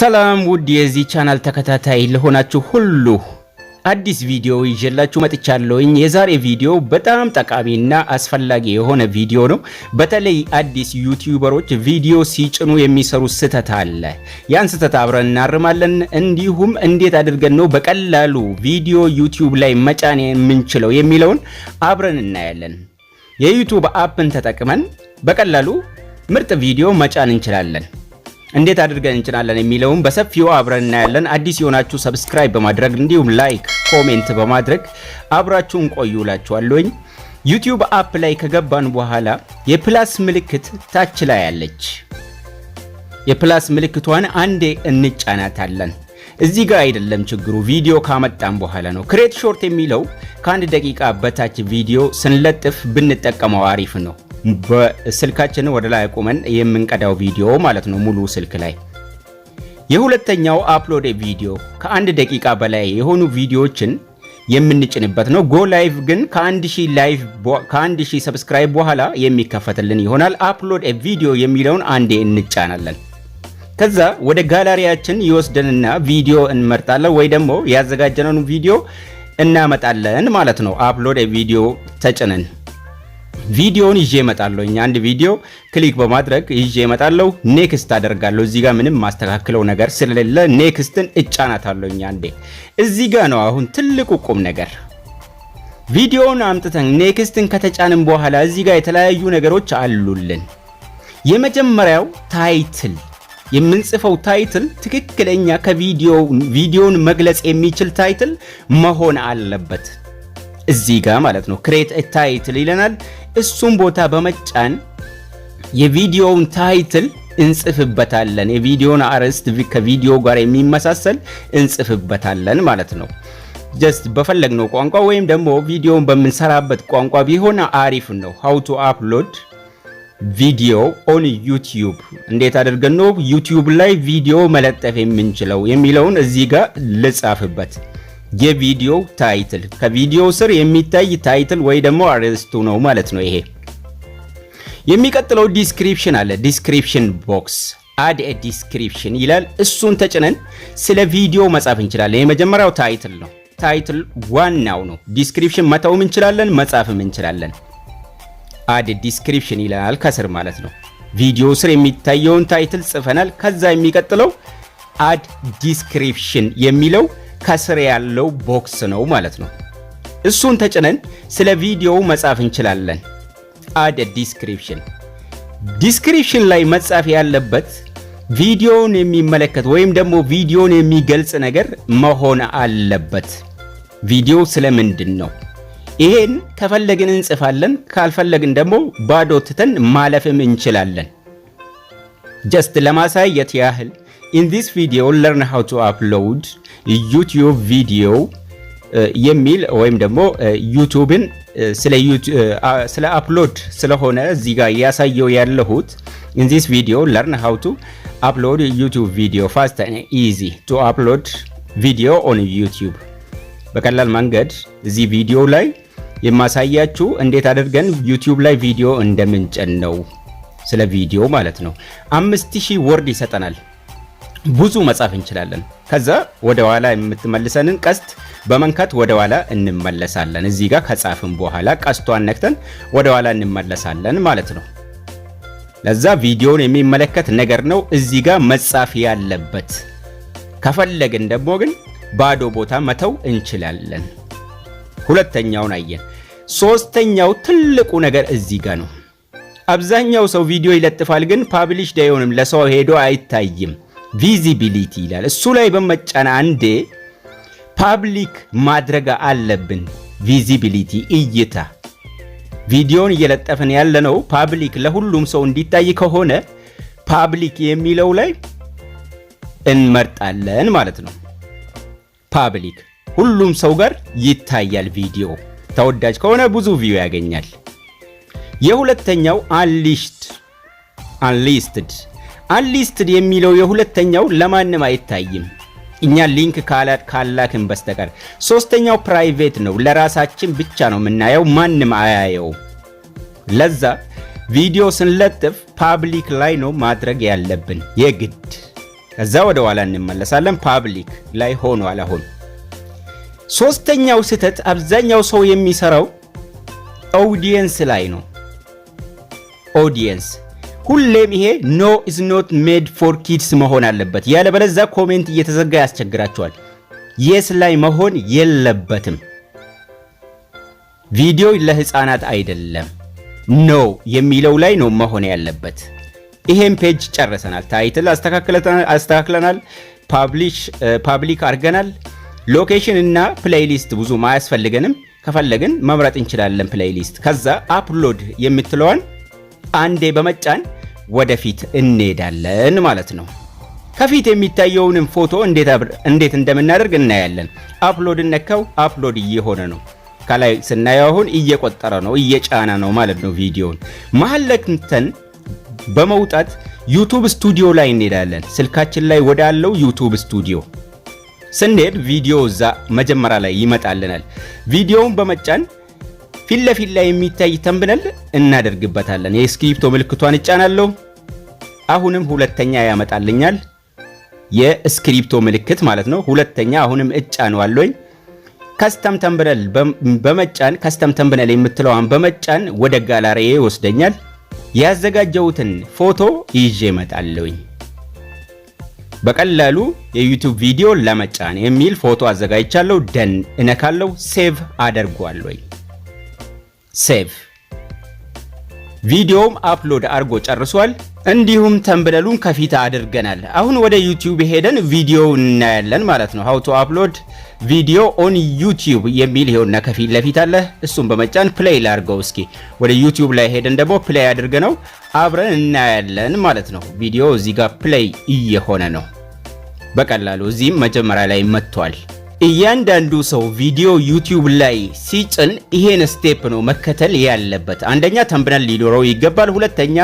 ሰላም ውድ የዚህ ቻናል ተከታታይ ለሆናችሁ ሁሉ አዲስ ቪዲዮ ይዤላችሁ መጥቻለሁኝ። የዛሬ ቪዲዮ በጣም ጠቃሚና አስፈላጊ የሆነ ቪዲዮ ነው። በተለይ አዲስ ዩቲዩበሮች ቪዲዮ ሲጭኑ የሚሰሩ ስህተት አለ። ያን ስህተት አብረን እናርማለን። እንዲሁም እንዴት አድርገን ነው በቀላሉ ቪዲዮ ዩቲዩብ ላይ መጫን የምንችለው የሚለውን አብረን እናያለን። የዩቲዩብ አፕን ተጠቅመን በቀላሉ ምርጥ ቪዲዮ መጫን እንችላለን። እንዴት አድርገን እንጭናለን የሚለውም በሰፊው አብረን እናያለን። አዲስ የሆናችሁ ሰብስክራይብ በማድረግ እንዲሁም ላይክ፣ ኮሜንት በማድረግ አብራችሁን ቆዩ ላችኋለሁኝ። ዩቲዩብ አፕ ላይ ከገባን በኋላ የፕላስ ምልክት ታች ላይ አለች። የፕላስ ምልክቷን አንዴ እንጫናታለን። እዚህ ጋር አይደለም ችግሩ፣ ቪዲዮ ካመጣን በኋላ ነው። ክሬት ሾርት የሚለው ከአንድ ደቂቃ በታች ቪዲዮ ስንለጥፍ ብንጠቀመው አሪፍ ነው። በስልካችን ወደ ላይ ቁመን የምንቀዳው ቪዲዮ ማለት ነው ሙሉ ስልክ ላይ የሁለተኛው አፕሎድ ቪዲዮ ከአንድ ደቂቃ በላይ የሆኑ ቪዲዮዎችን የምንጭንበት ነው። ጎ ላይቭ ግን ከአንድ ሺ ላይቭ ከአንድ ሺህ ሰብስክራይብ በኋላ የሚከፈትልን ይሆናል። አፕሎድ ቪዲዮ የሚለውን አንዴ እንጫናለን። ከዛ ወደ ጋላሪያችን ይወስደንና ቪዲዮ እንመርጣለን ወይ ደግሞ ያዘጋጀነውን ቪዲዮ እናመጣለን ማለት ነው። አፕሎድ ቪዲዮ ተጭነን ቪዲዮውን ይዤ እመጣለሁ። አንድ ቪዲዮ ክሊክ በማድረግ ይዤ እመጣለሁ። ኔክስት አደርጋለሁ። እዚህ ጋር ምንም ማስተካክለው ነገር ስለሌለ ኔክስትን እጫናታለሁ። አንዴ እዚህ ጋር ነው አሁን ትልቁ ቁም ነገር። ቪዲዮውን አምጥተን ኔክስትን ከተጫንን በኋላ እዚህ ጋር የተለያዩ ነገሮች አሉልን። የመጀመሪያው ታይትል የምንጽፈው ታይትል ትክክለኛ ከቪዲዮ ቪዲዮን መግለጽ የሚችል ታይትል መሆን አለበት። እዚህ ጋር ማለት ነው ክሬት ታይትል ይለናል። እሱም ቦታ በመጫን የቪዲዮውን ታይትል እንጽፍበታለን። የቪዲዮን አርዕስት ከቪዲዮ ጋር የሚመሳሰል እንጽፍበታለን ማለት ነው። ጀስት በፈለግነው ቋንቋ ወይም ደግሞ ቪዲዮን በምንሰራበት ቋንቋ ቢሆን አሪፍ ነው። ሃው ቱ አፕሎድ ቪዲዮ ኦን ዩቲዩብ እንዴት አድርገን ነው ዩቲዩብ ላይ ቪዲዮ መለጠፍ የምንችለው የሚለውን እዚህ ጋር ልጻፍበት። የቪዲዮ ታይትል ከቪዲዮ ስር የሚታይ ታይትል ወይ ደግሞ አርዕስቱ ነው ማለት ነው። ይሄ የሚቀጥለው ዲስክሪፕሽን አለ። ዲስክሪፕሽን ቦክስ አድ ኤ ዲስክሪፕሽን ይላል። እሱን ተጭነን ስለ ቪዲዮ መጻፍ እንችላለን። የመጀመሪያው ታይትል ነው። ታይትል ዋናው ነው። ዲስክሪፕሽን መተውም እንችላለን፣ መጻፍም እንችላለን። አድ ዲስክሪፕሽን ይላል ከስር ማለት ነው። ቪዲዮ ስር የሚታየውን ታይትል ጽፈናል። ከዛ የሚቀጥለው አድ ዲስክሪፕሽን የሚለው ከስር ያለው ቦክስ ነው ማለት ነው። እሱን ተጭነን ስለ ቪዲዮው መጻፍ እንችላለን። አደ ዲስክሪፕሽን ዲስክሪፕሽን ላይ መጻፍ ያለበት ቪዲዮውን የሚመለከት ወይም ደግሞ ቪዲዮን የሚገልጽ ነገር መሆን አለበት። ቪዲዮ ስለምንድን ነው? ይሄን ከፈለግን እንጽፋለን፣ ካልፈለግን ደግሞ ባዶ ትተን ማለፍም እንችላለን። ጀስት ለማሳየት ያህል ኢን ዲስ ቪዲዮ ለርን ሃው ቱ አፕሎድ ዩቲዩብ ቪዲዮ የሚል ወይም ደግሞ ዩቲዩብን uh, uh, ስለ አፕሎድ uh, ስለሆነ እዚህ ጋር እያሳየው ያለሁት ኢን ዲስ ቪዲዮ ለርን ሃው ቱ አፕሎድ ዩቲዩብ ቪዲዮ ፋስት ኤንድ ኢዚ ቱ አፕሎድ ቪዲዮ ኦን ዩቲዩብ። በቀላል መንገድ እዚህ ቪዲዮ ላይ የማሳያችሁ እንዴት አድርገን ዩቲዩብ ላይ ቪዲዮ እንደምንጭን ነው። ስለ ቪዲዮ ማለት ነው። አምስት ሺህ ወርድ ይሰጠናል። ብዙ መጻፍ እንችላለን። ከዛ ወደ ኋላ የምትመልሰንን ቀስት በመንካት ወደ ኋላ እንመለሳለን። እዚህ ጋር ከጻፍን በኋላ ቀስቷን ነክተን ወደ ኋላ እንመለሳለን ማለት ነው። ለዛ ቪዲዮን የሚመለከት ነገር ነው እዚህ ጋር መጻፍ ያለበት። ከፈለግን ደግሞ ግን ባዶ ቦታ መተው እንችላለን። ሁለተኛውን አየን። ሶስተኛው ትልቁ ነገር እዚህ ጋር ነው። አብዛኛው ሰው ቪዲዮ ይለጥፋል፣ ግን ፓብሊሽ ዳይሆንም ለሰው ሄዶ አይታይም። ቪዚቢሊቲ ይላል። እሱ ላይ በመጫን አንዴ ፓብሊክ ማድረግ አለብን። ቪዚቢሊቲ እይታ ቪዲዮን እየለጠፍን ያለነው ፓብሊክ ለሁሉም ሰው እንዲታይ ከሆነ ፓብሊክ የሚለው ላይ እንመርጣለን ማለት ነው። ፓብሊክ ሁሉም ሰው ጋር ይታያል። ቪዲዮ ተወዳጅ ከሆነ ብዙ ቪው ያገኛል። የሁለተኛው አንሊስት አንሊስትድ አንሊስትድ የሚለው የሁለተኛው ለማንም አይታይም እኛ ሊንክ ካላክን በስተቀር። ሶስተኛው ፕራይቬት ነው፣ ለራሳችን ብቻ ነው የምናየው፣ ማንም አያየው። ለዛ ቪዲዮ ስንለጥፍ ፓብሊክ ላይ ነው ማድረግ ያለብን የግድ። ከዛ ወደ ኋላ እንመለሳለን። ፓብሊክ ላይ ሆኖ አሁን። ሶስተኛው ስህተት አብዛኛው ሰው የሚሰራው ኦዲየንስ ላይ ነው። ኦዲየንስ ሁሌም ይሄ ኖ ኢዝ ኖት ሜድ ፎር ኪድስ መሆን አለበት። ያለበለዚያ ኮሜንት እየተዘጋ ያስቸግራቸዋል። የስ ላይ መሆን የለበትም። ቪዲዮ ለህፃናት አይደለም ኖ የሚለው ላይ ነው መሆን ያለበት። ይሄን ፔጅ ጨርሰናል። ታይትል አስተካክለናል። ፓብሊሽ ፓብሊክ አድርገናል። ሎኬሽን እና ፕሌይሊስት ብዙም አያስፈልገንም። ከፈለግን መምረጥ እንችላለን ፕሌይሊስት። ከዛ አፕሎድ የምትለዋን አንዴ በመጫን ወደፊት እንሄዳለን ማለት ነው። ከፊት የሚታየውንም ፎቶ እንዴት እንደምናደርግ እናያለን። አፕሎድ እነካው፣ አፕሎድ እየሆነ ነው። ከላይ ስናየው አሁን እየቆጠረ ነው፣ እየጫነ ነው ማለት ነው ቪዲዮውን። መሀል ለክንተን በመውጣት ዩቱብ ስቱዲዮ ላይ እንሄዳለን። ስልካችን ላይ ወዳለው ዩቱብ ስቱዲዮ ስንሄድ ቪዲዮ እዛ መጀመሪያ ላይ ይመጣልናል። ቪዲዮውን በመጫን ፊት ለፊት ላይ የሚታይ ተንብነል እናደርግበታለን። የስክሪፕቶ ምልክቷን እጫናለሁ። አሁንም ሁለተኛ ያመጣልኛል። የስክሪፕቶ ምልክት ማለት ነው። ሁለተኛ አሁንም እጫነዋለሁኝ። ከስተም ተንብነል በመጫን ከስተም ተንብነል የምትለዋን በመጫን ወደ ጋላሪዬ ይወስደኛል። ያዘጋጀሁትን ፎቶ ይዤ እመጣለሁኝ። በቀላሉ የዩቲዩብ ቪዲዮ ለመጫን የሚል ፎቶ አዘጋጅቻለሁ። ደን እነካለሁ። ሴቭ አደርጓለሁኝ። ሴቭ ቪዲዮም አፕሎድ አድርጎ ጨርሷል። እንዲሁም ተንብለሉን ከፊት አድርገናል። አሁን ወደ ዩቲዩብ ሄደን ቪዲዮ እናያለን ማለት ነው። ሀው ቱ አፕሎድ ቪዲዮ ኦን ዩቲዩብ የሚል ይሄውና ከፊት ለፊት አለ። እሱን በመጫን ፕሌይ ላድርገው። እስኪ ወደ ዩቲዩብ ላይ ሄደን ደግሞ ፕሌይ አድርገ ነው አብረን እናያለን ማለት ነው። ቪዲዮ እዚህ ጋር ፕሌይ እየሆነ ነው በቀላሉ እዚህም መጀመሪያ ላይ መጥቷል። እያንዳንዱ ሰው ቪዲዮ ዩቲዩብ ላይ ሲጭን ይሄን ስቴፕ ነው መከተል ያለበት። አንደኛ ተንብናል ሊኖረው ይገባል። ሁለተኛ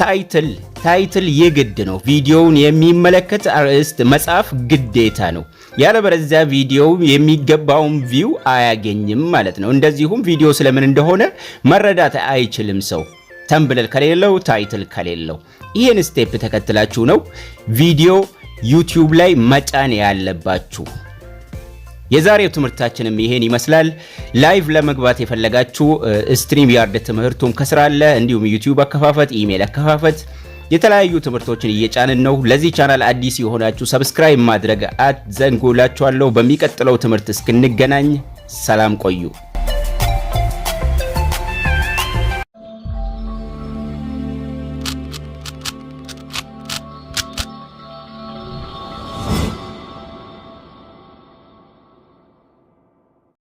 ታይትል፣ ታይትል የግድ ነው። ቪዲዮውን የሚመለከት አርዕስት መጻፍ ግዴታ ነው። ያለበለዚያ ቪዲዮው የሚገባውን ቪው አያገኝም ማለት ነው። እንደዚሁም ቪዲዮ ስለምን እንደሆነ መረዳት አይችልም ሰው ተንብለል ከሌለው ታይትል ከሌለው። ይሄን ስቴፕ ተከትላችሁ ነው ቪዲዮ ዩቲዩብ ላይ መጫን ያለባችሁ። የዛሬው ትምህርታችንም ይሄን ይመስላል። ላይቭ ለመግባት የፈለጋችሁ ስትሪም ያርድ ትምህርቱም ከስራ አለ። እንዲሁም ዩቲዩብ አከፋፈት፣ ኢሜል አከፋፈት የተለያዩ ትምህርቶችን እየጫንን ነው። ለዚህ ቻናል አዲስ የሆናችሁ ሰብስክራይብ ማድረግ አትዘንጉላችኋለሁ። በሚቀጥለው ትምህርት እስክንገናኝ ሰላም ቆዩ።